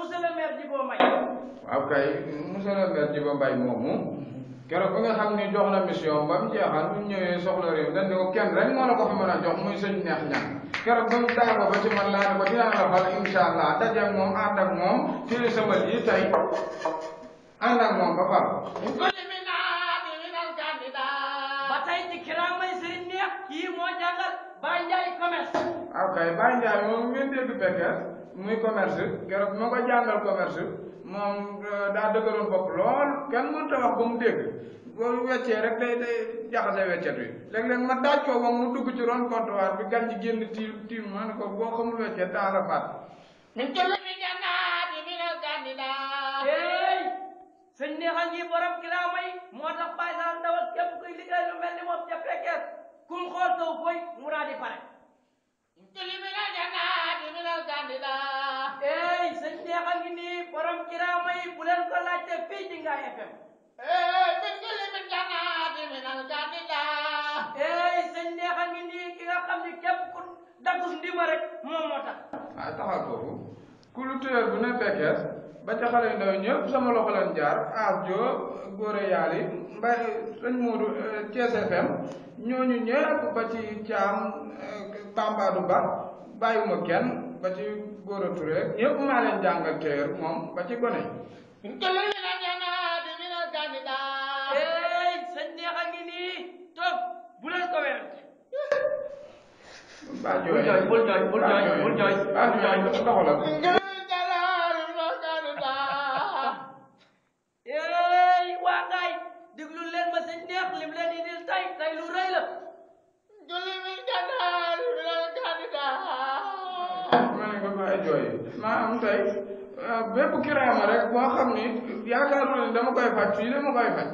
monsieur le maire Djibo Mbaye moomu keroog bi nga xam ne jox na mission ba mu jeexal bu ñëwee soxla réew dañ ne rek moo fa mën a jox muy sëñ neex ñaan keroog ba mu daanoo ba ci man laa ne ko dinaa la fal incha allah daje ak moom ànd ak moom fii sa bët yi tey ànd ak moom ba fal. ba tey ci kiraam kay Baye Ndiaye moom ngeen dégg Pekes muy commerce keroog moo ko jàngal commerce moom euh, daa dëgëroon bopp lool kenn mënut a wax ba mu dégg boo weccee rek day day jaxase weccet wi léeg-léeg ma daaj ko moom mu ci ron comptoir bi gan ji génn tiim tiim ma ne ko boo xamul weccet daa la faat. sëñ neexal ñi borom kiraama yi moo tax Baye Sall dawal képp kuy liggéey lu mel ni moom ca Pekes kum xool sow koy mu daal di pare. laajte fii ci Ngaye FM. min kulli janaatin minal kadidaa. sëñ neexa ngi nii ki nga xam ne képp ku daggus ndima rek moom moo tax. ah taxal foofu ku lu tuyoor bu ne fekkees ba ca xale yu sama loxo jaar aas joo góore yaali mbay sëñ Moodu Thiès FM ñooñu ñëpp ba ci caam Bambadou Ba bàyyiwuma kenn ba ci góor a Touré ñëpp maa leen jàngal téer moom ba ci gone min kulli la janaat min al kandidaat eey sëñ Neex a ngi nii toog bu leen ko werante bul jooy bul jooy bul jooy bul jooy bul jooy damay jooy maa am tey ah, bépp kiraama rek boo xam ni yaakaarul ne dama koy faj fii dama koy faj